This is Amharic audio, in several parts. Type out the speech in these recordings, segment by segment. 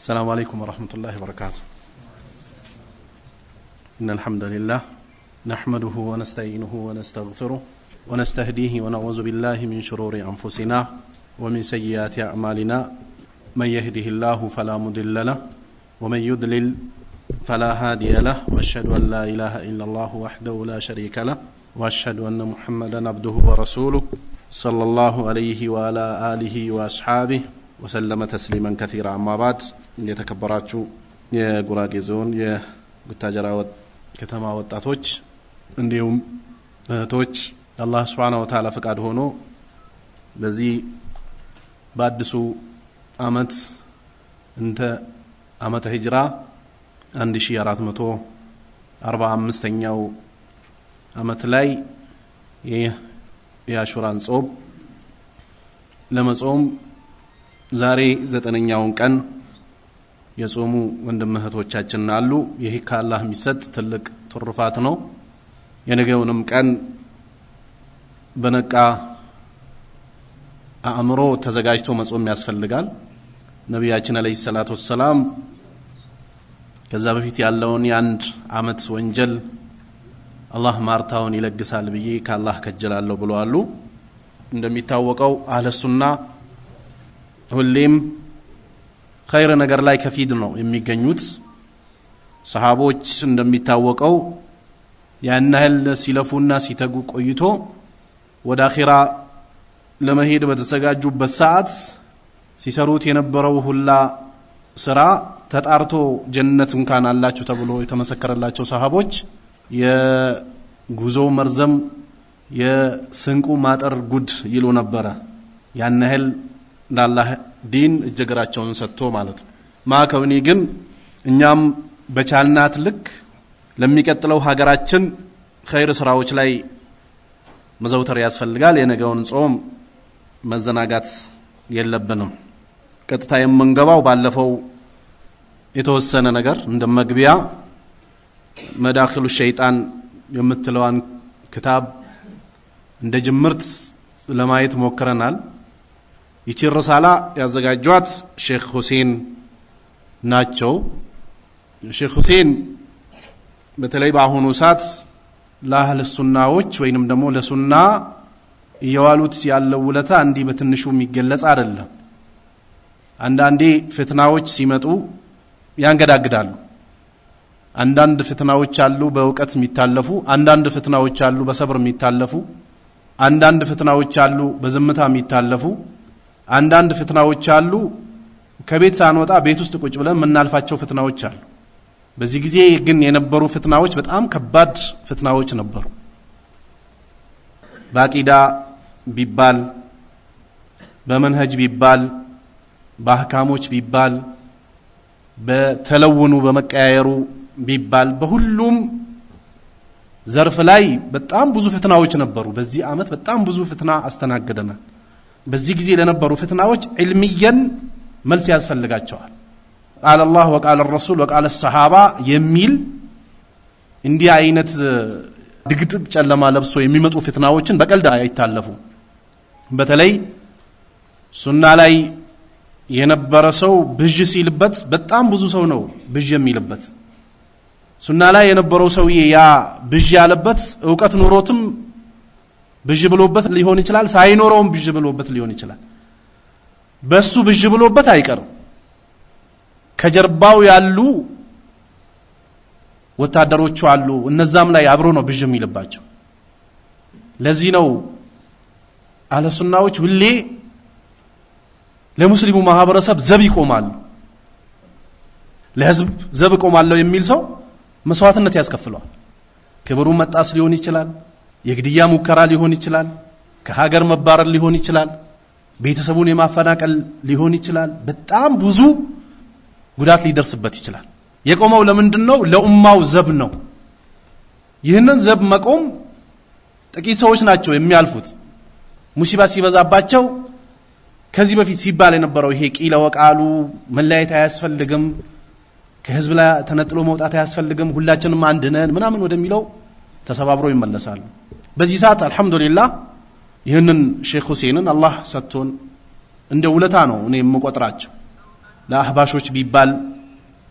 السلام عليكم ورحمة الله وبركاته إن الحمد لله نحمده ونستعينه ونستغفره ونستهديه ونعوذ بالله من شرور أنفسنا ومن سيئات أعمالنا من يهده الله فلا مضل له ومن يضلل فلا هادي له واشهد ان لا اله الا الله وحده لا شريك له واشهد ان محمدا عبده ورسوله صلى الله عليه وعلى اله واصحابه وسلم تسليما كثيرا اما بعد የተከበራችሁ የጉራጌ ዞን የጉታጀራ ከተማ ወጣቶች እንዲሁም እህቶች አላህ ስብን ወተላ ፈቃድ ሆኖ በዚህ በአዲሱ አመት እንተ አመተ ሂጅራ 1445ኛው አመት ላይ የአሹራን ጾም ለመጾም ዛሬ ዘጠነኛውን ቀን የጾሙ ወንድም እህቶቻችን አሉ። ይህ ከአላህ የሚሰጥ ትልቅ ትሩፋት ነው። የነገውንም ቀን በነቃ አእምሮ ተዘጋጅቶ መጾም ያስፈልጋል። ነቢያችን አለይሂ ሰላት ወሰላም ከዛ በፊት ያለውን የአንድ አመት ወንጀል አላህ ማርታውን ይለግሳል ብዬ ከአላህ ከጅላለሁ ብለዋሉ። እንደሚታወቀው አህለሱና ሁሌም ኸይር ነገር ላይ ከፊድ ነው የሚገኙት። ሰሃቦች እንደሚታወቀው ያን ያህል ሲለፉና ሲተጉ ቆይቶ ወደ አኺራ ለመሄድ በተዘጋጁበት ሰዓት ሲሰሩት የነበረው ሁላ ስራ ተጣርቶ ጀነት እንኳን አላችሁ ተብሎ የተመሰከረላቸው ሰሃቦች የጉዞ መርዘም የስንቁ ማጠር ጉድ ይሉ ነበረ ያን ያህል ዲን እጀገራቸውን ሰጥቶ ማለት ነው። ማከውኒ ግን እኛም በቻልናት ልክ ለሚቀጥለው ሀገራችን ኸይር ስራዎች ላይ መዘውተር ያስፈልጋል። የነገውን ጾም መዘናጋት የለብንም። ቀጥታ የምንገባው ባለፈው የተወሰነ ነገር እንደ መግቢያ መዳክሉ ሸይጣን የምትለዋን ክታብ እንደ ጅምርት ለማየት ሞክረናል። ይቺ ረሳላ ያዘጋጇት ሼክ ሁሴን ናቸው። ሼክ ሁሴን በተለይ በአሁኑ ሰዓት ለአህል ሱናዎች ወይንም ደግሞ ለሱና እየዋሉት ያለው ውለታ እንዲህ በትንሹ የሚገለጽ አደለም አንዳንዴ ፍትናዎች ሲመጡ ያንገዳግዳሉ። አንዳንድ ፍትናዎች አሉ በእውቀት የሚታለፉ፣ አንዳንድ ፍትናዎች አሉ በሰብር የሚታለፉ፣ አንዳንድ ፍትናዎች አሉ በዝምታ የሚታለፉ አንዳንድ ፍትናዎች አሉ። ከቤት ሳንወጣ ቤት ውስጥ ቁጭ ብለን የምናልፋቸው ፍትናዎች አሉ። በዚህ ጊዜ ግን የነበሩ ፍትናዎች በጣም ከባድ ፍትናዎች ነበሩ። በአቂዳ ቢባል፣ በመንሀጅ ቢባል፣ በአህካሞች ቢባል፣ በተለውኑ በመቀያየሩ ቢባል በሁሉም ዘርፍ ላይ በጣም ብዙ ፍትናዎች ነበሩ። በዚህ ዓመት በጣም ብዙ ፍትና አስተናግደናል። በዚህ ጊዜ ለነበሩ ፍትናዎች ዕልምየን መልስ ያስፈልጋቸዋል። ቃል ላህ ወቃለ ረሱል ወቃለ ሰሃባ የሚል እንዲህ አይነት ድግጥጥ ጨለማ ለብሶ የሚመጡ ፍትናዎችን በቀልድ አይታለፉ። በተለይ ሱና ላይ የነበረ ሰው ብዥ ሲልበት በጣም ብዙ ሰው ነው ብዥ የሚልበት። ሱና ላይ የነበረው ሰውዬ ያ ብዥ ያለበት እውቀት ኑሮትም ብዥ ብሎበት ሊሆን ይችላል፣ ሳይኖረውም ብዥ ብሎበት ሊሆን ይችላል። በሱ ብዥ ብሎበት አይቀርም። ከጀርባው ያሉ ወታደሮቹ አሉ። እነዛም ላይ አብሮ ነው ብዥ የሚልባቸው። ለዚህ ነው አለሱናዎች ሁሌ ለሙስሊሙ ማህበረሰብ ዘብ ይቆማሉ። ለህዝብ ዘብ ይቆማለሁ የሚል ሰው መስዋዕትነት ያስከፍለዋል። ክብሩ መጣስ ሊሆን ይችላል የግድያ ሙከራ ሊሆን ይችላል። ከሀገር መባረር ሊሆን ይችላል። ቤተሰቡን የማፈናቀል ሊሆን ይችላል። በጣም ብዙ ጉዳት ሊደርስበት ይችላል። የቆመው ለምንድን ነው? ለኡማው ዘብ ነው። ይህንን ዘብ መቆም ጥቂት ሰዎች ናቸው የሚያልፉት። ሙሲባ ሲበዛባቸው ከዚህ በፊት ሲባል የነበረው ይሄ ቂለ ወቃሉ መለያየት አያስፈልግም፣ ከህዝብ ላይ ተነጥሎ መውጣት አያስፈልግም፣ ሁላችንም አንድነን ምናምን ወደሚለው ተሰባብሮ ይመለሳሉ። በዚህ ሰዓት አልሐምዱሊላ ይህንን ሼክ ሁሴንን አላህ ሰጥቶን እንደ ውለታ ነው እኔ የምቆጥራቸው። ለአህባሾች ቢባል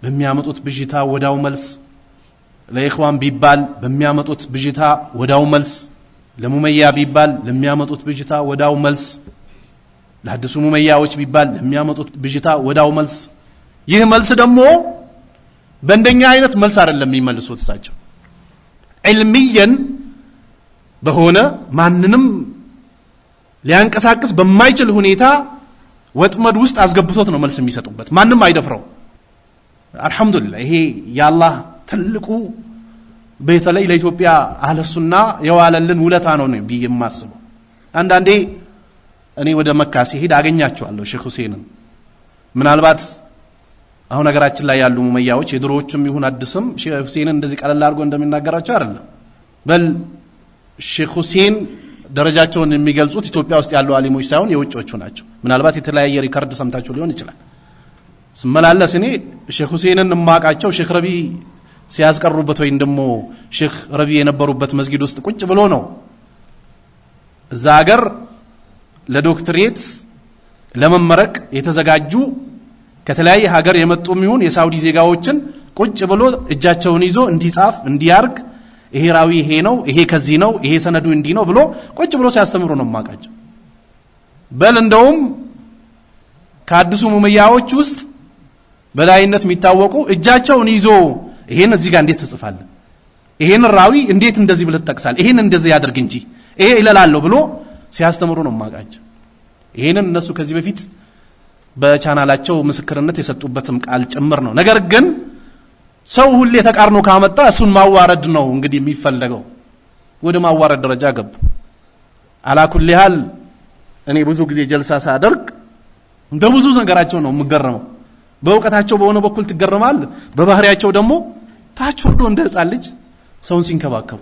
በሚያመጡት ብዥታ ወዳው መልስ፣ ለኢኽዋን ቢባል በሚያመጡት ብዥታ ወዳው መልስ፣ ለሙመያ ቢባል ለሚያመጡት ብዥታ ወዳው መልስ፣ ለአዲሱ ሙመያዎች ቢባል ለሚያመጡት ብዥታ ወዳው መልስ። ይህ መልስ ደግሞ በእንደኛ አይነት መልስ አይደለም የሚመልሱት እሳቸው ዕልምየን በሆነ ማንንም ሊያንቀሳቅስ በማይችል ሁኔታ ወጥመድ ውስጥ አስገብቶት ነው መልስ የሚሰጡበት። ማንም አይደፍረው። አልሐምዱሊላህ ይሄ የአላህ ትልቁ በተለይ ለኢትዮጵያ አህለሱና የዋለልን ውለታ ነው ነው ብዬ የማስበው። አንዳንዴ እኔ ወደ መካ ሲሄድ አገኛቸዋለሁ ሼክ ሁሴንን። ምናልባት አሁን ሀገራችን ላይ ያሉ ሙመያዎች የድሮዎችም ይሁን አዲስም ሼክ ሁሴንን እንደዚህ ቀለል አድርጎ እንደሚናገራቸው አይደለም በል ሼክ ሁሴን ደረጃቸውን የሚገልጹት ኢትዮጵያ ውስጥ ያሉ አሊሞች ሳይሆን የውጮቹ ናቸው። ምናልባት የተለያየ ሪከርድ ሰምታቸው ሊሆን ይችላል። ስመላለስ እኔ ሼክ ሁሴንን እማቃቸው ሼክ ረቢ ሲያስቀሩበት ወይም ደግሞ ሼክ ረቢ የነበሩበት መስጊድ ውስጥ ቁጭ ብሎ ነው። እዛ ሀገር ለዶክትሬት ለመመረቅ የተዘጋጁ ከተለያየ ሀገር የመጡ የሚሆን የሳውዲ ዜጋዎችን ቁጭ ብሎ እጃቸውን ይዞ እንዲጻፍ እንዲያርግ ይሄ ራዊ ይሄ ነው፣ ይሄ ከዚህ ነው፣ ይሄ ሰነዱ እንዲህ ነው ብሎ ቁጭ ብሎ ሲያስተምሩ ነው የማውቃቸው። በል እንደውም ከአዲሱ ሙመያዎች ውስጥ በላይነት የሚታወቁ እጃቸውን ይዞ ይሄን እዚህ ጋር እንዴት ትጽፋለህ? ይሄን ራዊ እንዴት እንደዚህ ብለ ትጠቅሳለህ? ይሄን እንደዚህ ያድርግ እንጂ ይሄ ይለላለሁ ብሎ ሲያስተምሩ ነው የማውቃቸው። ይሄንን እነሱ ከዚህ በፊት በቻናላቸው ምስክርነት የሰጡበትም ቃል ጭምር ነው። ነገር ግን ሰው ሁሌ ተቃርኖ ካመጣ እሱን ማዋረድ ነው እንግዲህ የሚፈለገው። ወደ ማዋረድ ደረጃ ገቡ። አላኩል ያህል እኔ ብዙ ጊዜ ጀልሳ ሳደርግ ብዙ ነገራቸው ነው የምገረመው። በእውቀታቸው በሆነ በኩል ትገረማል፣ በባህሪያቸው ደግሞ ታች ወርዶ እንደ ህፃን ልጅ ሰውን ሲንከባከቡ።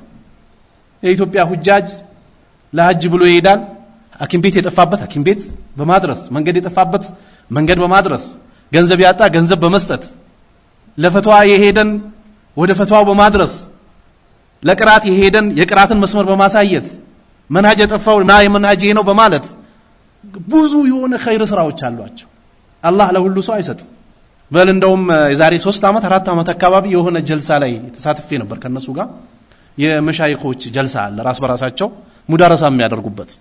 የኢትዮጵያ ሁጃጅ ለሀጅ ብሎ ይሄዳል። ሀኪም ቤት የጠፋበት ሀኪም ቤት በማድረስ መንገድ የጠፋበት መንገድ በማድረስ ገንዘብ ያጣ ገንዘብ በመስጠት ለፈትዋ የሄደን ወደ ፈትዋው በማድረስ ለቅራት የሄደን የቅራትን መስመር በማሳየት መናጅ የጠፋው ና የመናጄ ነው በማለት ብዙ የሆነ ኸይር ስራዎች አሏቸው። አላህ ለሁሉ ሰው አይሰጥም። በል እንደውም የዛሬ ሶስት ዓመት አራት ዓመት አካባቢ የሆነ ጀልሳ ላይ ተሳትፌ ነበር። ከነሱ ጋር የመሻይኮች ጀልሳ አለ፣ ራስ በራሳቸው ሙዳረሳ የሚያደርጉበት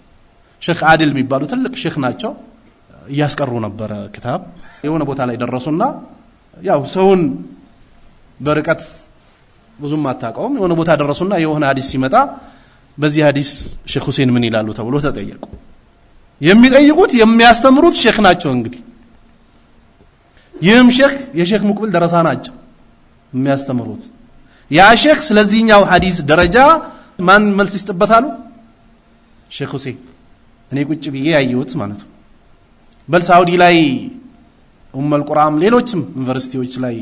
ሼክ አድል የሚባሉ ትልቅ ሼክ ናቸው። እያስቀሩ ነበረ ክታብ የሆነ ቦታ ላይ ደረሱና ያው ሰውን በርቀት ብዙም አታውቀውም። የሆነ ቦታ ደረሱና የሆነ ሀዲስ ሲመጣ በዚህ ሀዲስ ሼክ ሁሴን ምን ይላሉ ተብሎ ተጠየቁ። የሚጠይቁት የሚያስተምሩት ሼክ ናቸው። እንግዲህ ይህም ሼክ የሼክ ሙቅብል ደረሳ ናቸው የሚያስተምሩት። ያ ሼክ ስለዚህኛው ሀዲስ ደረጃ ማን መልስ ይስጥበታሉ? ሼክ ሁሴን እኔ ቁጭ ብዬ ያየሁት ማለት ነው። በል ሳውዲ ላይ ኡመል ሌሎችም ዩኒቨርሲቲዎች ላይ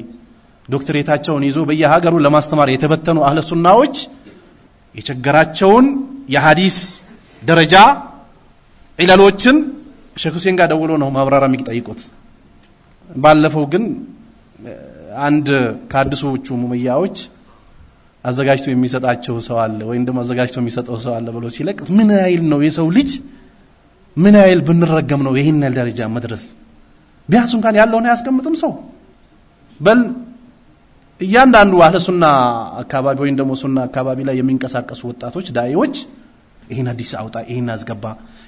ዶክትሬታቸውን ይዞ በየሀገሩ ለማስተማር የተበተኑ አህለ ሱናዎች የቸገራቸውን የሀዲስ ደረጃ ዒለሎችን ሼክ ሁሴን ጋር ደውሎ ነው ማብራሪያ የሚጠይቁት። ባለፈው ግን አንድ ከአዲሶቹ ሙመያዎች አዘጋጅቶ የሚሰጣቸው ሰው አለ ወይም ደግሞ አዘጋጅቶ የሚሰጠው ሰው አለ ብሎ ሲለቅ ምን ያህል ነው የሰው ልጅ ምን ያህል ብንረገም ነው ይህን ያህል ደረጃ መድረስ ቢያንስ እንኳን ያለውን አያስቀምጥም ሰው በል እያንዳንዱ አህለ ሱና አካባቢ ወይም ደግሞ ሱና አካባቢ ላይ የሚንቀሳቀሱ ወጣቶች ዳኢዎች ይህን አዲስ አውጣ ይህን አስገባ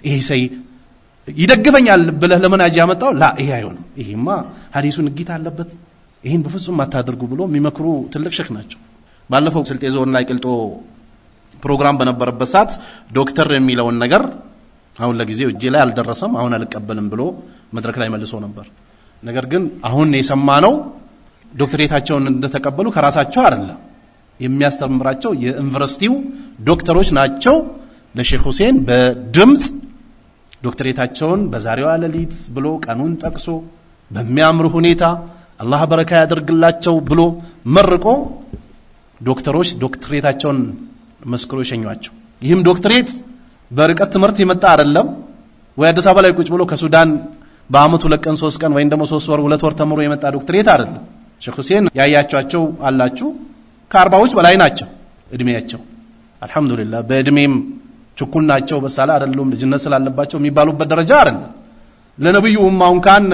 ይሄ ሰይ ይደግፈኛል ብለህ ለመናጅ ያመጣው ላ ይሄ አይሆንም ይሄማ ሀዲሱን እጊት አለበት ይህን በፍጹም አታድርጉ ብሎ የሚመክሩ ትልቅ ሸክ ናቸው ባለፈው ስልጤ ዞን ላይ ቅልጦ ፕሮግራም በነበረበት ሰዓት ዶክተር የሚለውን ነገር አሁን ለጊዜው እጄ ላይ አልደረሰም፣ አሁን አልቀበልም ብሎ መድረክ ላይ መልሶ ነበር። ነገር ግን አሁን የሰማ ነው ዶክትሬታቸውን እንደተቀበሉ ከራሳቸው አይደለም የሚያስተምራቸው የዩኒቨርሲቲው ዶክተሮች ናቸው። ለሼክ ሁሴን በድምፅ ዶክትሬታቸውን በዛሬዋ ሌሊት ብሎ ቀኑን ጠቅሶ በሚያምር ሁኔታ አላህ በረካ ያደርግላቸው ብሎ መርቆ ዶክተሮች ዶክትሬታቸውን መስክሮ የሸኟቸው ይህም ዶክትሬት በርቀት ትምህርት የመጣ አይደለም ወይ አዲስ አበባ ላይ ቁጭ ብሎ ከሱዳን በአመት ሁለት ቀን ሶስት ቀን ወይም ደግሞ ሶስት ወር ሁለት ወር ተምሮ የመጣ ዶክትሬት አይደለም። ሼክ ሁሴን ያያቸዋቸው አላችሁ ከአርባዎች በላይ ናቸው እድሜያቸው። አልሐምዱሊላ በእድሜም ችኩል ናቸው በሳላ አይደሉም ልጅነት ስላለባቸው የሚባሉበት ደረጃ አይደለም። ለነብዩ ኡማውን ካን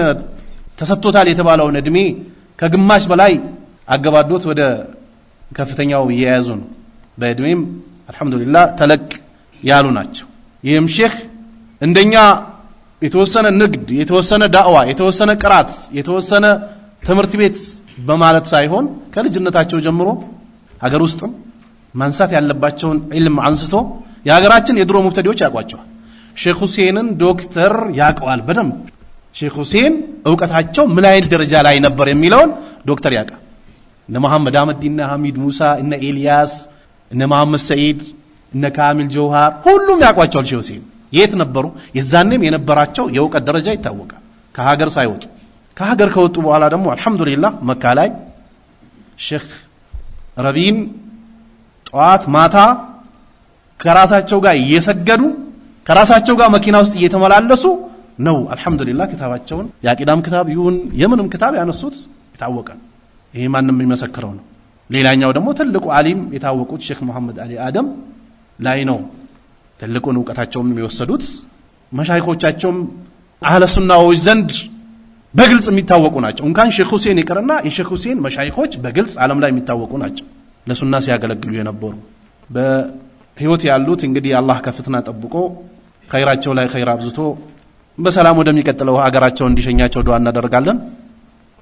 ተሰጥቶታል የተባለውን እድሜ ከግማሽ በላይ አገባዶት ወደ ከፍተኛው እየያዙ ነው። በእድሜም አልሐምዱሊላህ ተለቅ ያሉ ናቸው። ይህም ሼክ እንደኛ የተወሰነ ንግድ፣ የተወሰነ ዳዕዋ፣ የተወሰነ ቅራት፣ የተወሰነ ትምህርት ቤት በማለት ሳይሆን ከልጅነታቸው ጀምሮ ሀገር ውስጥም ማንሳት ያለባቸውን ዒልም አንስቶ የሀገራችን የድሮ ሙብተዲዎች ያውቋቸዋል። ሼክ ሁሴንን ዶክተር ያቀዋል በደንብ ሼክ ሁሴን እውቀታቸው ምን አይል ደረጃ ላይ ነበር የሚለውን ዶክተር ያውቃል። እነ መሐመድ አመዲ እነ ሐሚድ ሙሳ፣ እነ ኤልያስ፣ እነ መሐመድ ሰዒድ እነ ካሚል ጀውሃር ሁሉም ያውቋቸዋል። ሼህ ሁሴን የት ነበሩ? የዛኔም የነበራቸው የእውቀት ደረጃ ይታወቃል። ከሀገር ሳይወጡ ከሀገር ከወጡ በኋላ ደግሞ አልሐምዱሊላህ መካ ላይ ሼክ ረቢን ጠዋት ማታ ከራሳቸው ጋር እየሰገዱ ከራሳቸው ጋር መኪና ውስጥ እየተመላለሱ ነው አልሐምዱሊላህ ክታባቸውን የአቂዳም ክታብ ይሁን የምንም ክታብ ያነሱት ይታወቃል። ይሄ ማንም የሚመሰክረው ነው። ሌላኛው ደግሞ ትልቁ አሊም የታወቁት ሼክ መሐመድ አሊ አደም ላይ ነው ትልቁን እውቀታቸውም የሚወሰዱት። መሻይኮቻቸውም አህለሱናዎች ዘንድ በግልጽ የሚታወቁ ናቸው። እንኳን ሼክ ሁሴን ይቅርና የሼክ ሁሴን መሻይኮች በግልጽ ዓለም ላይ የሚታወቁ ናቸው። ለሱና ሲያገለግሉ የነበሩ በህይወት ያሉት እንግዲህ አላህ ከፍትና ጠብቆ ኸይራቸው ላይ ኸይር አብዝቶ በሰላም ወደሚቀጥለው ሀገራቸው እንዲሸኛቸው ድዋ እናደርጋለን።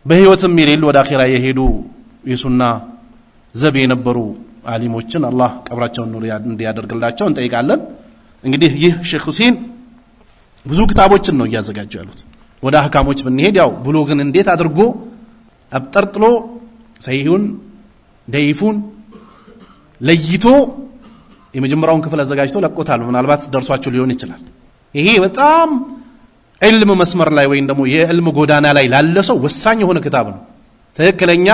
በህይወትም የሌሉ ወደ አኼራ የሄዱ የሱና ዘብ የነበሩ አሊሞችን አላህ ቀብራቸውን ኑር እንዲያደርግላቸው እንጠይቃለን። እንግዲህ ይህ ሼክ ሁሴን ብዙ ክታቦችን ነው እያዘጋጁ ያሉት። ወደ አህካሞች ብንሄድ ያው ብሎግን እንዴት አድርጎ አብጠርጥሎ ሰይሁን ደይፉን ለይቶ የመጀመሪያውን ክፍል አዘጋጅቶ ለቆታሉ። ምናልባት ደርሷችሁ ሊሆን ይችላል። ይሄ በጣም ዕልም መስመር ላይ ወይም ደግሞ የዕልም ጎዳና ላይ ላለ ሰው ወሳኝ የሆነ ክታብ ነው። ትክክለኛ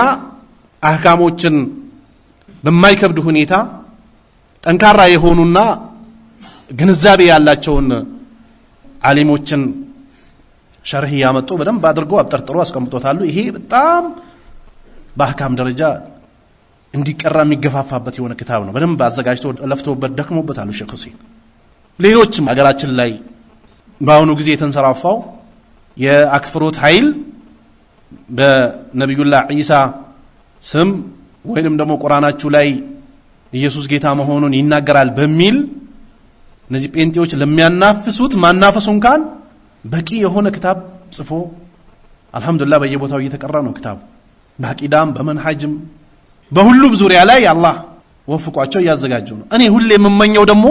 አህካሞችን በማይከብድ ሁኔታ ጠንካራ የሆኑና ግንዛቤ ያላቸውን አሊሞችን ሸርህ እያመጡ በደንብ አድርጎ አብጠርጥሮ አስቀምጦታሉ። ይሄ በጣም በአህካም ደረጃ እንዲቀራ የሚገፋፋበት የሆነ ክታብ ነው። በደንብ አዘጋጅቶ ለፍቶበት ደክሞበት አሉ ሼክ ሁሴን። ሌሎችም ሀገራችን ላይ በአሁኑ ጊዜ የተንሰራፋው የአክፍሮት ኃይል በነቢዩላህ ዒሳ ስም ወይንም ደግሞ ቁርአናችሁ ላይ ኢየሱስ ጌታ መሆኑን ይናገራል በሚል እነዚህ ጴንጤዎች ለሚያናፍሱት ማናፈሱ እንኳን በቂ የሆነ ክታብ ጽፎ አልሐምዱሊላህ በየቦታው እየተቀራ ነው ክታቡ። በአቂዳም በመንሐጅም በሁሉም ዙሪያ ላይ አላህ ወፍቋቸው እያዘጋጁ ነው። እኔ ሁሌ የምመኘው ደግሞ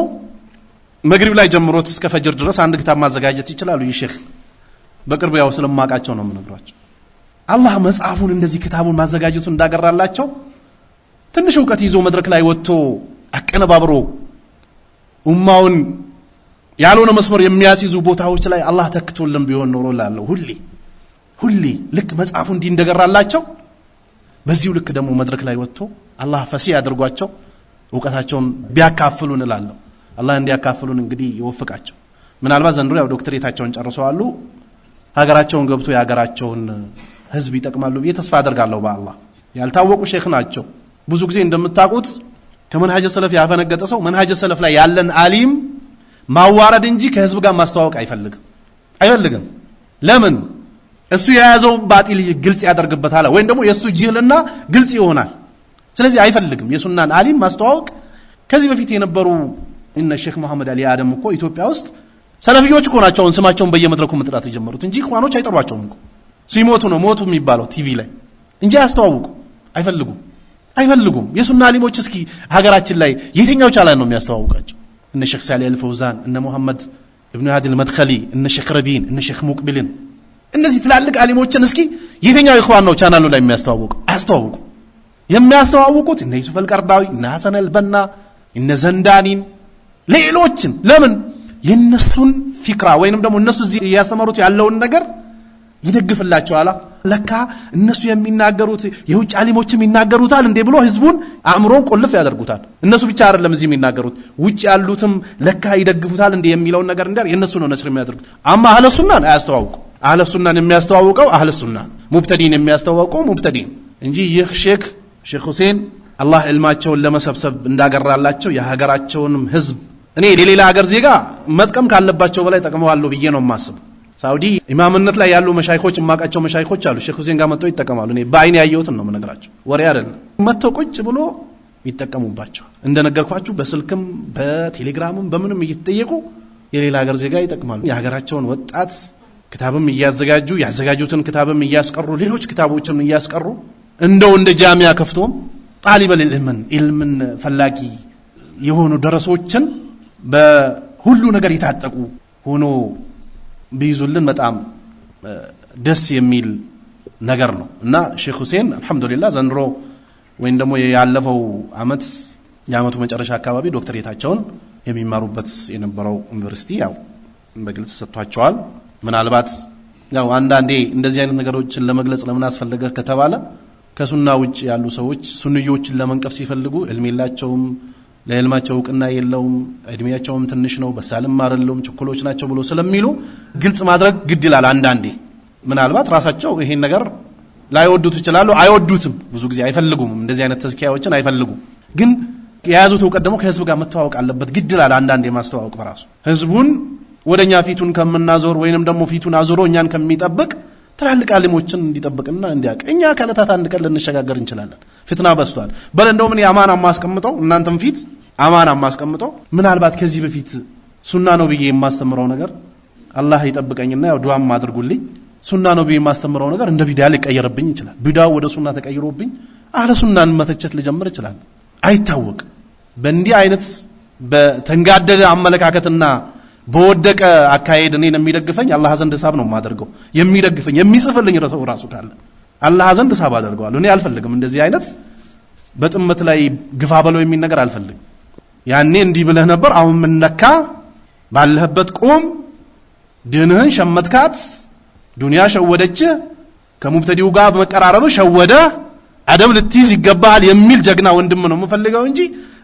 መግሪብ ላይ ጀምሮት እስከ ፈጅር ድረስ አንድ ክታብ ማዘጋጀት ይችላሉ። ይህ ሼክ በቅርብ ያው ስለማቃቸው ነው የምነግሯቸው። አላህ መጽሐፉን እንደዚህ ክታቡን ማዘጋጀቱን እንዳገራላቸው ትንሽ እውቀት ይዞ መድረክ ላይ ወጥቶ አቀነባብሮ ኡማውን ያልሆነ መስመር የሚያስይዙ ቦታዎች ላይ አላህ ተክቶልን ቢሆን ኖሮ ላለው ሁሌ ሁሌ ልክ መጽሐፉ እንዲህ እንደገራላቸው በዚሁ ልክ ደግሞ መድረክ ላይ ወጥቶ አላህ ፈሲ አድርጓቸው እውቀታቸውን ቢያካፍሉን እላለሁ። አላህ እንዲያካፍሉን እንግዲህ ይወፍቃቸው። ምናልባት ዘንድሮ ያው ዶክትሬታቸውን ጨርሰዋሉ። ሀገራቸውን ገብቶ የሀገራቸውን ሕዝብ ይጠቅማሉ ብዬ ተስፋ አደርጋለሁ። በአላህ ያልታወቁ ሼክ ናቸው። ብዙ ጊዜ እንደምታውቁት ከመንሃጀ ሰለፍ ያፈነገጠ ሰው መንሃጀ ሰለፍ ላይ ያለን አሊም ማዋረድ እንጂ ከህዝብ ጋር ማስተዋወቅ አይፈልግም አይፈልግም። ለምን እሱ የያዘው ባጢል ግልጽ ያደርግበታል፣ ወይም ደግሞ የእሱ ጅህልና ግልጽ ይሆናል። ስለዚህ አይፈልግም የሱናን አሊም ማስተዋወቅ። ከዚህ በፊት የነበሩ እነ ሼክ መሐመድ አሊ አደም እኮ ኢትዮጵያ ውስጥ ሰለፊዎች እኮ ናቸው ስማቸውን በየመድረኩ መጥራት የጀመሩት እንጂ ኢኽዋኖች አይጠሯቸውም እኮ ሲሞቱ ነው ሞቱ የሚባለው ቲቪ ላይ እንጂ አያስተዋውቁ አይፈልጉም። አይፈልጉም። የሱና አሊሞች እስኪ ሀገራችን ላይ የትኛው ቻላን ነው የሚያስተዋውቃቸው? እነ ሼክ ሳሊ አልፈውዛን፣ እነ ሙሐመድ እብኑ ሃዲ አልመድኸሊ፣ እነ ሼክ ረቢን፣ እነ ሼክ ሙቅቢልን እነዚህ ትላልቅ አሊሞችን እስኪ የትኛው ኢኽዋን ነው ቻናሉ ላይ የሚያስተዋውቁ? አያስተዋውቁ። የሚያስተዋውቁት እነ ዩሱፍ አልቀርዳዊ፣ እነ ሐሰን አልበና፣ እነ ዘንዳኒን ሌሎችን። ለምን የእነሱን ፊክራ ወይንም ደግሞ እነሱ እዚህ እያስተማሩት ያለውን ነገር ይደግፍላቸዋል። ለካ እነሱ የሚናገሩት የውጭ አሊሞችም ይናገሩታል እንዴ ብሎ ህዝቡን አእምሮን ቆልፍ ያደርጉታል። እነሱ ብቻ አይደለም እዚህ የሚናገሩት ውጭ ያሉትም ለካ ይደግፉታል እንዴ የሚለውን ነገር እንዲያር የእነሱ ነው ነስር የሚያደርጉት። አማ አህለ ሱናን አያስተዋውቁ። አህለ ሱናን የሚያስተዋውቀው አህለ ሱናን፣ ሙብተዲን የሚያስተዋውቀው ሙብተዲን እንጂ ይህ ሼክ ሼክ ሁሴን አላህ እልማቸውን ለመሰብሰብ እንዳገራላቸው የሀገራቸውንም ህዝብ እኔ የሌላ ሀገር ዜጋ መጥቀም ካለባቸው በላይ ጠቅመዋለሁ ብዬ ነው የማስበው። ሳውዲ ኢማምነት ላይ ያሉ መሻይኮች እማቃቸው መሻይኮች አሉ። ሼክ ሁሴን ጋር መጥተው ይጠቀማሉ። እኔ በአይን ያየሁትን ነው ምነግራቸው ወሬ አይደለም። መጥተው ቁጭ ብሎ ይጠቀሙባቸዋል። እንደነገርኳችሁ በስልክም በቴሌግራምም በምንም እየተጠየቁ የሌላ ሀገር ዜጋ ይጠቅማሉ። የሀገራቸውን ወጣት ክታብም እያዘጋጁ ያዘጋጁትን ክታብም እያስቀሩ ሌሎች ክታቦችም እያስቀሩ እንደው እንደ ጃሚያ ከፍቶም ጣሊበል ኢልምን ኢልምን ፈላጊ የሆኑ ደረሶችን በሁሉ ነገር የታጠቁ ሆኖ ቢይዙልን በጣም ደስ የሚል ነገር ነው እና ሼክ ሁሴን አልሐምዱሊላ ዘንድሮ ወይም ደግሞ ያለፈው አመት የአመቱ መጨረሻ አካባቢ ዶክተሬታቸውን የሚማሩበት የነበረው ዩኒቨርሲቲ ያው በግልጽ ሰጥቷቸዋል። ምናልባት ያው አንዳንዴ እንደዚህ አይነት ነገሮችን ለመግለጽ ለምን አስፈለገ ከተባለ ከሱና ውጭ ያሉ ሰዎች ሱንዮችን ለመንቀፍ ሲፈልጉ እልሜላቸውም ለህልማቸው እውቅና የለውም፣ እድሜያቸውም ትንሽ ነው፣ በሳልም አይደሉም፣ ችኩሎች ናቸው ብሎ ስለሚሉ ግልጽ ማድረግ ግድ ይላል። አንዳንዴ ምናልባት ራሳቸው ይሄን ነገር ላይወዱት ይችላሉ። አይወዱትም፣ ብዙ ጊዜ አይፈልጉም፣ እንደዚህ አይነት ተዝኪያዎችን አይፈልጉም። ግን የያዙት እውቀት ደግሞ ከህዝብ ጋር መተዋወቅ አለበት፣ ግድ ይላል። አንዳንዴ ማስተዋወቅ በራሱ ህዝቡን ወደ እኛ ፊቱን ከምናዞር ወይንም ደግሞ ፊቱን አዞሮ እኛን ከሚጠብቅ ትላልቅ አሊሞችን እንዲጠብቅና እንዲያውቅ እኛ ከዕለታት አንድ ቀን ልንሸጋገር እንችላለን። ፍትና በስቷል። በለ እንደው ምን አማና ማስቀምጠው እናንተም ፊት አማና ማስቀምጠው ምናልባት ከዚህ በፊት ሱና ነው ብዬ የማስተምረው ነገር አላህ ይጠብቀኝና ያው ዱዓም አድርጉልኝ። ሱና ነው ብዬ የማስተምረው ነገር እንደ ቢዳ ሊቀየርብኝ ይችላል። ቢዳው ወደ ሱና ተቀይሮብኝ አለ ሱናን መተቸት ልጀምር ይችላል። አይታወቅ። በእንዲህ አይነት በተንጋደደ አመለካከትና በወደቀ አካሄድ እኔን የሚደግፈኝ አላህ ዘንድ ሳብ ነው የማደርገው። የሚደግፈኝ የሚጽፍልኝ ረሰው ራሱ ካለ አላህ ዘንድ ሳብ አደርገዋለሁ። እኔ አልፈልግም እንደዚህ አይነት በጥመት ላይ ግፋ በለው የሚል ነገር አልፈልግም። ያኔ እንዲህ ብለህ ነበር፣ አሁን ምን ነካ? ባለህበት ቁም፣ ድንህን ሸመትካት። ዱንያ ሸወደችህ፣ ከሙብተዲው ጋር በመቀራረብ ሸወደ አደብ ልትይዝ ይገባሃል የሚል ጀግና ወንድም ነው የምፈልገው እንጂ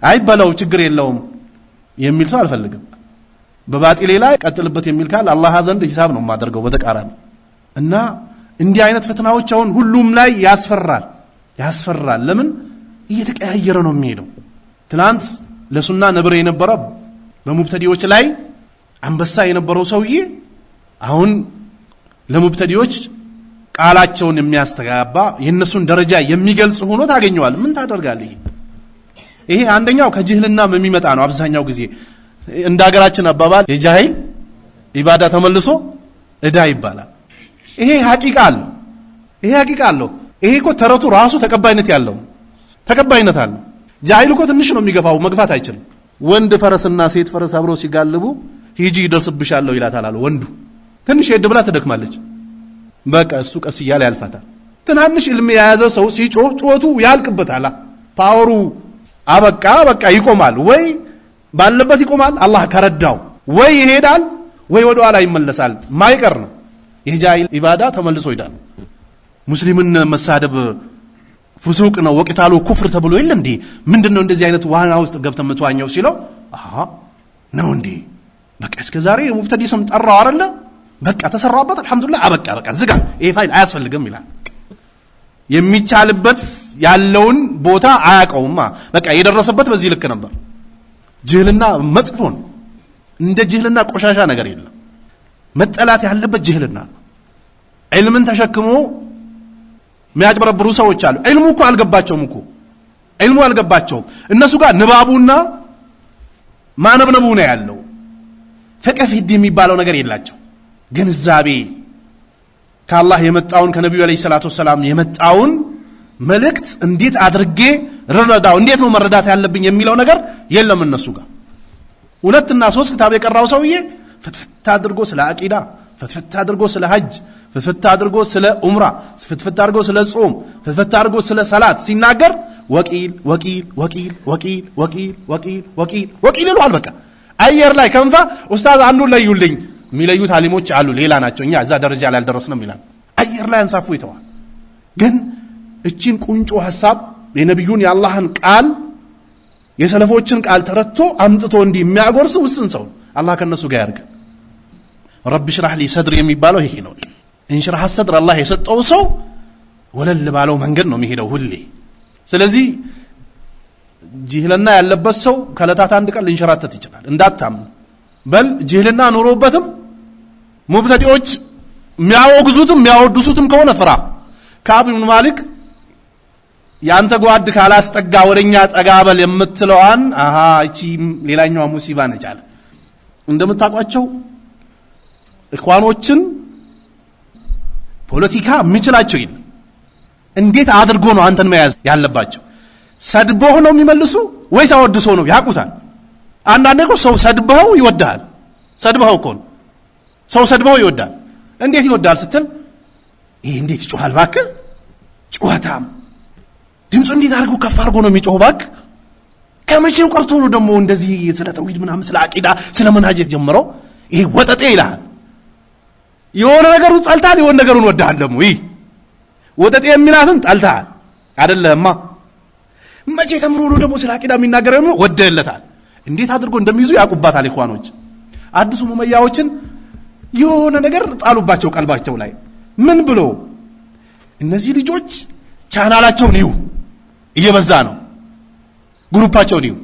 አይ ችግር የለውም የሚል ሰው አልፈልግም። በባጢሌ ላይ ቀጥልበት የሚል ካል አላህ ዘንድ ሂሳብ ነው የማደርገው በተቃራኒ እና እንዲህ አይነት ፈተናዎች አሁን ሁሉም ላይ ያስፈራል ያስፈራል። ለምን እየተቀያየረ ነው የሚሄደው። ትናንት ለሱና ነብር የነበረ በሙብተዲዎች ላይ አንበሳ የነበረው ሰውዬ አሁን ለሙብተዲዎች ቃላቸውን የሚያስተጋባ የእነሱን ደረጃ የሚገልጽ ሆኖ ታገኘዋል። ምን ታደርጋል ይሄ አንደኛው ከጅህልና የሚመጣ ነው። አብዛኛው ጊዜ እንደ ሀገራችን አባባል የጃይል ኢባዳ ተመልሶ እዳ ይባላል። ይሄ ሀቂቃ አለው። ይሄ ሐቂቃ አለው። ይሄ እኮ ተረቱ ራሱ ተቀባይነት ያለው ተቀባይነት አለው። ጃሂል እኮ ትንሽ ነው የሚገፋው፣ መግፋት አይችልም። ወንድ ፈረስና ሴት ፈረስ አብረው ሲጋልቡ ሂጂ ይደርስብሻለሁ ይላታል አለ ወንዱ። ትንሽ ሄድ ብላ ትደክማለች። በቃ እሱ ቀስ እያለ ያልፋታል። ትናንሽ እልም የያዘ ሰው ሲጮህ ጩኸቱ ያልቅበታል። ፓወሩ አበቃ በቃ ይቆማል። ወይ ባለበት ይቆማል፣ አላህ ከረዳው፣ ወይ ይሄዳል፣ ወይ ወደ ኋላ ይመለሳል። ማይቀር ነው። ይህ ኢባዳ ተመልሶ ይዳል። ሙስሊምን መሳደብ ፍሱቅ ነው ወቂታሉ ኩፍር ተብሎ የለ እንዲህ ምንድን ነው እንደዚህ አይነት ዋና ውስጥ ገብተ የምትዋኘው ሲለው ነው እንዲህ በቃ እስከ ዛሬ ሙብተዲ ስም ጠራው አለ በቃ ተሰራበት አልሐምዱሊላህ አበቃ በቃ ዝጋ ይሄ ፋይል አያስፈልግም ይላል የሚቻልበት ያለውን ቦታ አያውቀውማ በቃ የደረሰበት በዚህ ልክ ነበር ጅህልና መጥፎ ነው እንደ ጅህልና ቆሻሻ ነገር የለም መጠላት ያለበት ጅህልና ዕልምን ተሸክሞ የሚያጭበረብሩ ሰዎች አሉ። ዕልሙ እኮ አልገባቸውም እኮ ዕልሙ አልገባቸውም። እነሱ ጋር ንባቡና ማነብነቡ ነው ያለው። ፍቅህ ሂድ የሚባለው ነገር የላቸው። ግንዛቤ ከአላህ የመጣውን ከነቢዩ ዓለይሂ ሰላቱ ወሰላም የመጣውን መልእክት እንዴት አድርጌ ረዳው እንዴት ነው መረዳት ያለብኝ የሚለው ነገር የለም እነሱ ጋር። ሁለትና ሶስት ክታብ የቀራው ሰውዬ ፍትፍት አድርጎ ስለ አቂዳ፣ ፍትፍት አድርጎ ስለ ሀጅ፣ ፍትፍት አድርጎ ስለ ኡምራ፣ ፍትፍት አድርጎ ስለ ጾም፣ ፍትፍት አድርጎ ስለ ሰላት ሲናገር ወቂል ወቂል ወቂል ወቂል ወቂል ወቂል ወቂል ወቂል ይሏል። በቃ አየር ላይ ከንፋ ኡስታዝ አንዱን ለዩልኝ የሚለዩ ታሊሞች አሉ። ሌላ ናቸው። እኛ እዛ ደረጃ ላይ አልደረስንም ይላል። አየር ላይ አንሳፉ ይተዋል። ግን እቺን ቁንጮ ሀሳብ የነቢዩን የአላህን ቃል የሰለፎችን ቃል ተረቶ አምጥቶ እንዲህ የሚያጎርስ ውስን ሰው አላህ ከነሱ ጋር ያድርገን። ረቢ ሽራህ ሊ ሰድር የሚባለው ይሄ ነው። እንሽራህ ሰድር አላህ የሰጠው ሰው ወለል ባለው መንገድ ነው የሚሄደው ሁሌ። ስለዚህ ጅህልና ያለበት ሰው ከለታት አንድ ቀን ሊንሸራተት ይችላል። እንዳታም በል ጅህልና ኑሮበትም ሙብተዲዎች የሚያወግዙትም የሚያወድሱትም ከሆነ ፍራ። ከአብ ብን ማሊክ የአንተ ጓድ ካላስጠጋ ወደኛ ጠጋበል የምትለዋን አሃ እቺ ሌላኛዋ ሙሲባ ነጫለ እንደምታቋቸው እኳኖችን ፖለቲካ የሚችላቸው የለም። እንዴት አድርጎ ነው አንተን መያዝ ያለባቸው? ሰድበው ነው የሚመልሱ ወይስ አወድሶ ነው? ያቁታል። አንዳንዴ እኮ ሰው ሰድበኸው ይወድሃል። ሰድበኸው እኮ ሰው ሰድበኸው ይወዳል። እንዴት ይወዳል ስትል ይሄ እንዴት ይጮሃል ባክ ጩኸታም ድምፁ እንዴት አድርጎ ከፍ አድርጎ ነው የሚጮህ ባክ ከመቼም ቀርቶ ነው ደግሞ እንደዚህ ስለ ተውሂድ ምናምን ስለ አቂዳ ስለ መናጀት ጀምረው ይሄ ወጠጤ ይልሃል። የሆነ ነገሩን ጠልታል፣ የሆነ ነገሩን ወድሃል። ደግሞ ይህ ወጠጤ የሚላትን ጠልታል አደለህማ። መቼ ተምሮ ነው ደግሞ ስለ አቂዳ የሚናገር ደግሞ ወደለታል። እንዴት አድርጎ እንደሚይዙ ያውቁባታል። ኢኳኖች አዲሱ ሙመያዎችን የሆነ ነገር ጣሉባቸው ቀልባቸው ላይ ምን ብሎ እነዚህ ልጆች ቻናላቸውን ይዩ እየበዛ ነው፣ ግሩፓቸውን ይዩ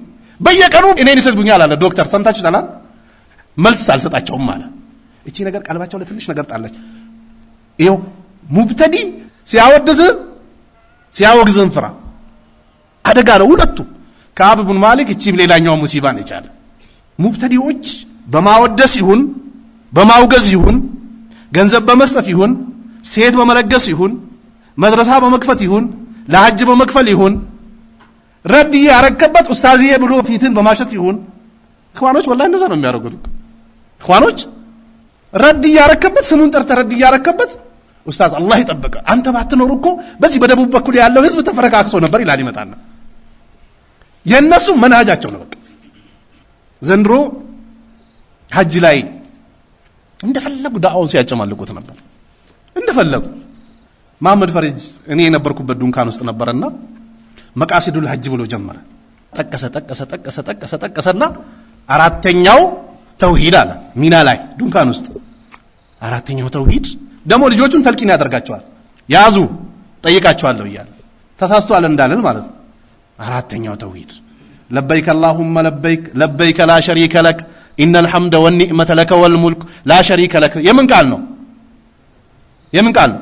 በየቀኑ እኔን ይሰድቡኛል አለ ዶክተር ሰምታችሁ ታላል መልስ አልሰጣቸውም ማለት እቺ ነገር ቀልባቸው ለትንሽ ነገር ጣለች። ይኸው ሙብተዲ ሲያወድዝ ሲያወግዝን ፍራ። አደጋ ነው ሁለቱ። ከአብ ብን ማሊክ እቺም ሌላኛው ሙሲባ ነው። ይቻለ ሙብተዲዎች በማወደስ ይሁን በማውገዝ ይሁን ገንዘብ በመስጠት ይሁን ሴት በመለገስ ይሁን መድረሳ በመክፈት ይሁን ለሐጅ በመክፈል ይሁን ረድዬ ያረከበት ኡስታዝዬ ብሎ ፊትን በማሸት ይሁን እኽዋኖች ወላሂ እንደዛ ነው የሚያደርጉት እኽዋኖች ረድ እያረከበት ስሙን ጠርተ ረድ እያረከበት ኡስታዝ አላህ ይጠብቀ አንተ ባትኖር እኮ በዚህ በደቡብ በኩል ያለው ህዝብ ተፈረካክሶ ነበር ይላል ይመጣና የእነሱ መናጃቸው ነው በቃ ዘንድሮ ሀጅ ላይ እንደፈለጉ ዳአውን ሲያጨማልቁት ነበር እንደፈለጉ ማመድ ፈረጅ እኔ የነበርኩበት ዱንካን ውስጥ ነበረና መቃሲዱል ሀጅ ብሎ ጀመረ ጠቀሰ ጠቀሰ ጠቀሰ ጠቀሰ ጠቀሰና አራተኛው ተውሂድ አለ ሚና ላይ ዱንካን ውስጥ አራተኛው ተውሂድ ደግሞ ልጆቹን ተልቂን ያደርጋቸዋል። ያዙ ጠይቃቸዋለሁ እያለ ተሳስቷል እንዳለን ማለት ነው። አራተኛው ተውሂድ ለበይክ አላሁመ ለበይክ ለበይከ ላ ሸሪከ ለክ ኢነል ሐምደ ወኒዕመተ ለከ ወልሙልክ ላ ሸሪከ ለክ የምን ቃል ነው? የምን ቃል ነው?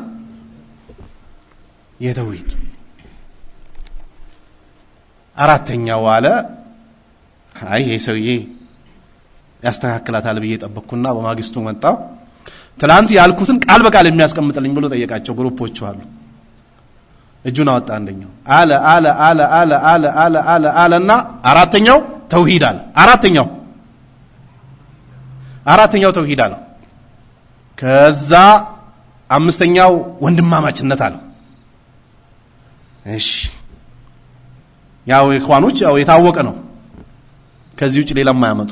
የተውሂድ አራተኛው አለ። አይ ይሄ ሰውዬ ያስተካክላታል ብዬ ጠበቅኩና በማግስቱ መጣ። ትላንት ያልኩትን ቃል በቃል የሚያስቀምጥልኝ ብሎ ጠየቃቸው። ግሩፖቹ አሉ። እጁን አወጣ። አንደኛው አለ አለ አለ አለ አለ አለ አለ እና አራተኛው ተውሂድ አለ። አራተኛው አራተኛው ተውሂድ አለ። ከዛ አምስተኛው ወንድማማችነት አለ። እሺ ያው ኢኽዋኖች ያው የታወቀ ነው። ከዚህ ውጭ ሌላ ማያመጡ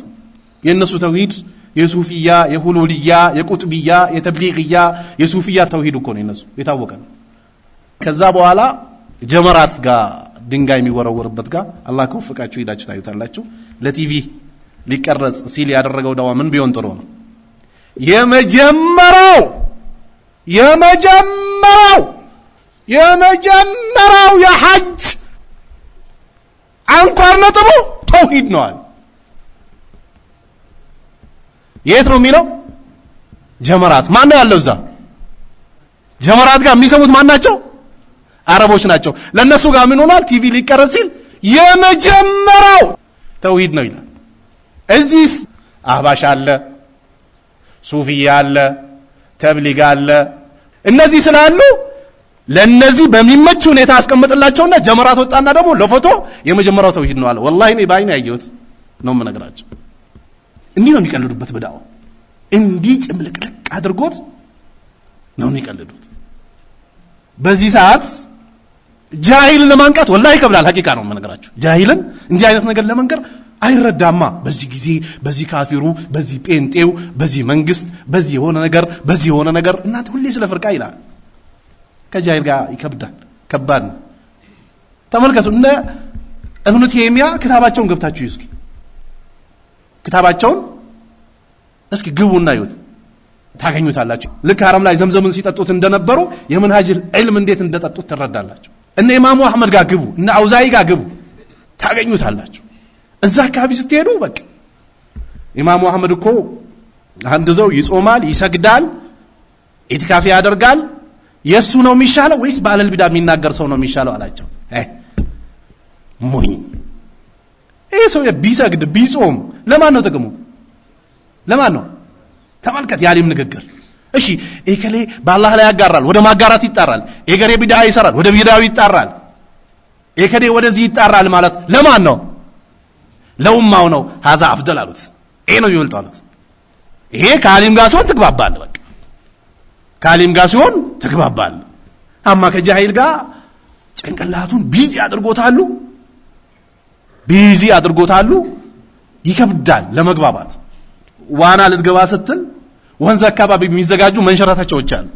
የእነሱ ተውሂድ የሱፊያ የሁሉልያ የቁጥብያ የተብሊግያ የሱፊያ ተውሂድ እኮ ነው የነሱ የታወቀ ነው። ከዛ በኋላ ጀመራት ጋር ድንጋይ የሚወረወርበት ጋር አላ ከወፈቃችሁ ሄዳችሁ ታዩታላችሁ። ለቲቪ ሊቀረጽ ሲል ያደረገው ዳዋ ምን ቢሆን ጥሩ ነው? የመጀመሪያው የመጀመሪያው የመጀመሪያው የሐጅ አንኳር ነጥቡ ተውሂድ ነዋል። የት ነው የሚለው? ጀመራት ማን ነው ያለው እዛ? ጀመራት ጋር የሚሰሙት ማን ናቸው? አረቦች ናቸው። ለነሱ ጋር ምን ሆኗል? ቲቪ ሊቀረጽ ሲል የመጀመሪያው ተውሂድ ነው ይላል። እዚህ አህባሽ አለ፣ ሱፊያ አለ፣ ተብሊግ አለ። እነዚህ ስላሉ ለነዚህ በሚመች ሁኔታ አስቀምጥላቸውና ጀመራት ወጣና ደግሞ ለፎቶ የመጀመሪያው ተውሂድ ነው አለ። ወላሂ እኔ በአይኔ ያየሁት ነው የምነግራቸው። እንዲህ ነው የሚቀልዱበት። በዳው እንዲህ ጭምልቅልቅ አድርጎት ነው የሚቀልዱት። በዚህ ሰዓት ጃሂልን ለማንቃት ወላ ይከብዳል። ሀቂቃ ነው የምነግራችሁ። ጃሂልን እንዲህ አይነት ነገር ለመንገር አይረዳማ። በዚህ ጊዜ በዚህ ካፊሩ፣ በዚህ ጴንጤው፣ በዚህ መንግስት፣ በዚህ የሆነ ነገር፣ በዚህ የሆነ ነገር እናንተ ሁሌ ስለ ፍርቃ ይላል። ከጃሂል ጋር ይከብዳል። ከባድ ነው። ተመልከቱ። እነ እብኑ ተይሚያ ክታባቸውን ገብታችሁ እስኪ ክታባቸውን እስኪ ግቡና ይዩት ታገኙታላችሁ። ልክ ሐረም ላይ ዘምዘምን ሲጠጡት እንደነበሩ የመንሃጅል ዕልም እንዴት እንደጠጡት ትረዳላችሁ። እነ ኢማሙ አህመድ ጋር ግቡ፣ እነ አውዛይ ጋር ግቡ፣ ታገኙታላችሁ። እዛ አካባቢ ስትሄዱ በቃ ኢማሙ አህመድ እኮ አንድ ሰው ይጾማል፣ ይሰግዳል፣ ኢትካፊ ያደርጋል። የእሱ ነው የሚሻለው ወይስ በአለልቢዳ የሚናገር ሰው ነው የሚሻለው አላቸው። ሞኝ ይህ ሰው ቢሰግድ ቢጾም ለማን ነው ጥቅሙ? ለማን ነው? ተመልከት የአሊም ንግግር። እሺ ኤከሌ በአላህ ላይ ያጋራል፣ ወደ ማጋራት ይጣራል። ኤገሬ ቢድዓ ይሰራል፣ ወደ ቢድዓው ይጣራል። ኤከሌ ወደዚህ ይጣራል ማለት ለማን ነው? ለውማው ነው። ሀዛ አፍደል አሉት። ይሄ ነው የሚበልጠው አሉት። ይሄ ከአሊም ጋር ሲሆን ትግባባል። በቃ ከአሊም ጋር ሲሆን ትግባባል። አማ ከጃሂል ጋር ጭንቅላቱን ቢዚ አድርጎታሉ ቢዚ አድርጎታሉ። ይከብዳል ለመግባባት። ዋና ልትገባ ስትል ወንዝ አካባቢ የሚዘጋጁ መንሸራተቻዎች አሉ።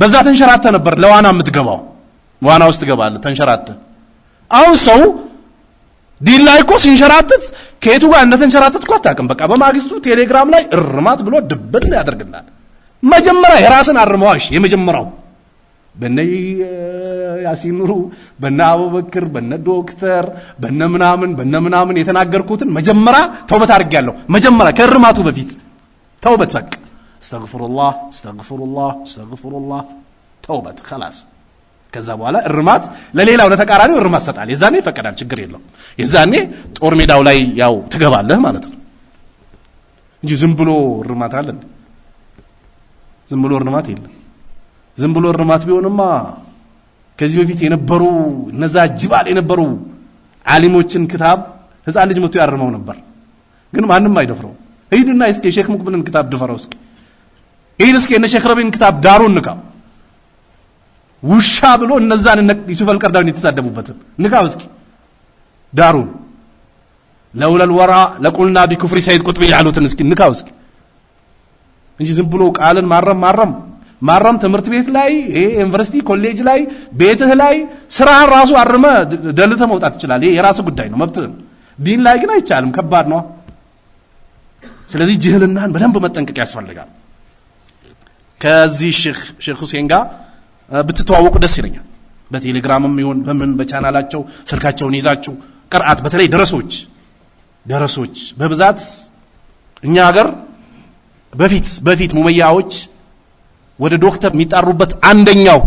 በዛ ተንሸራተ ነበር ለዋና የምትገባው። ዋና ውስጥ ትገባለህ ተንሸራተ። አሁን ሰው ዲል ላይ እኮ ሲንሸራትት ከየቱ ጋር እንደተንሸራትት እኮ አታውቅም። በቃ በማግስቱ ቴሌግራም ላይ እርማት ብሎ ድብን ያደርግላል። መጀመሪያ የራስን አርመዋሽ የመጀመሪያው በነ ኑሩ በነ አቡበክር በነ ዶክተር በነ ምናምን በነ ምናምን የተናገርኩትን መጀመሪያ ተውበት አድርጌያለሁ። መጀመሪያ ከእርማቱ በፊት ተውበት በቃ እስተግፍሩላህ እስተግፍሩላህ እስተግፍሩላህ ተውበት ከላስ። ከዛ በኋላ እርማት ለሌላው ለተቃራኒው እርማት ሰጣል። የዛኔ ይፈቀዳል፣ ችግር የለው። የዛኔ ጦር ሜዳው ላይ ያው ትገባለህ ማለት ነው እንጂ ዝም ብሎ እርማት አለ ዝም ብሎ እርማት የለም። ዝም ብሎ እርማት ቢሆንማ ከዚህ በፊት የነበሩ እነዛ ጅባል የነበሩ ዓሊሞችን ክታብ ህፃን ልጅ መቶ ያርመው ነበር። ግን ማንም አይደፍረው። ሂድና እስኪ የሼክ ሙቅብልን ክታብ ድፈረው እስኪ ሂድ እስኪ የነ ሼክ ረቢን ክታብ ዳሩን ንካው ውሻ ብሎ እነዛን ዩሱፍ አልቀርዳዊን የተሳደቡበትን ንካው እስኪ ዳሩን ለውለል ወራ ለቁልና ቢኩፍሪ ሰይድ ቁጥቢ ያሉትን እስኪ ንካው እስኪ እንጂ ዝም ብሎ ቃልን ማረም ማረም ማረም ትምህርት ቤት ላይ ዩኒቨርሲቲ ኮሌጅ ላይ ቤትህ ላይ ስራህን ራሱ አርመ ደልተ መውጣት ይችላል። ይሄ የራሱ ጉዳይ ነው፣ መብት ዲን ላይ ግን አይቻልም፣ ከባድ ነው። ስለዚህ ጅህልናን በደንብ መጠንቀቅ ያስፈልጋል። ከዚህ ሼክ ሼክ ሁሴን ጋር ብትተዋወቁ ደስ ይለኛል። በቴሌግራምም ይሁን በምን በቻናላቸው ስልካቸውን ይዛችሁ ቅርአት፣ በተለይ ደረሶች ደረሶች በብዛት እኛ ሀገር በፊት በፊት ሙመያዎች ወደ ዶክተር የሚጣሩበት አንደኛው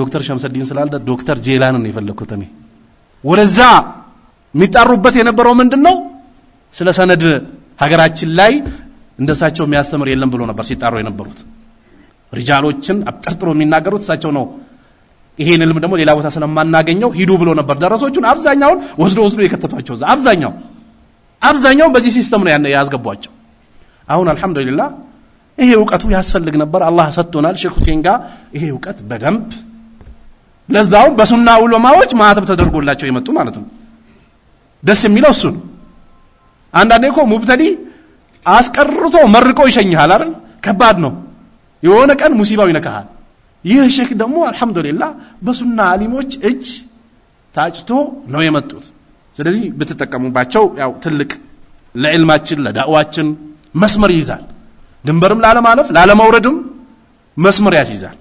ዶክተር ሸምሰዲን ስላለ ዶክተር ጄላን ነው የፈለግኩት እኔ። ወደዛ የሚጣሩበት የነበረው ምንድን ነው? ስለ ሰነድ ሀገራችን ላይ እንደሳቸው የሚያስተምር የለም ብሎ ነበር ሲጣሩ የነበሩት። ሪጃሎችን አብጠርጥሮ የሚናገሩት እሳቸው ነው። ይሄን ልም ደግሞ ሌላ ቦታ ስለማናገኘው ሂዱ ብሎ ነበር ደረሶቹን አብዛኛውን ወስዶ ወስዶ የከተቷቸው እዛ አብዛኛው አብዛኛውን በዚህ ሲስተም ነው ያዝገቧቸው አሁን አልሐምዱሊላህ ይሄ እውቀቱ ያስፈልግ ነበር። አላህ ሰጥቶናል። ሼክ ሁሴን ጋር ይሄ እውቀት በደንብ ለዛውም በሱና ውሎማዎች ማተብ ተደርጎላቸው የመጡ ማለት ነው። ደስ የሚለው እሱ ነው። አንዳንዴ እኮ ሙብተዲ አስቀርቶ መርቆ ይሸኝሃል አይደል? ከባድ ነው። የሆነ ቀን ሙሲባው ይነካሃል። ይህ ሼክ ደግሞ አልሐምዱሊላ በሱና አሊሞች እጅ ታጭቶ ነው የመጡት። ስለዚህ ብትጠቀሙባቸው ያው ትልቅ ለዕልማችን ለዳዕዋችን መስመር ይይዛል። ድንበርም ላለማለፍ ላለመውረድም መስመር ያስይዛል።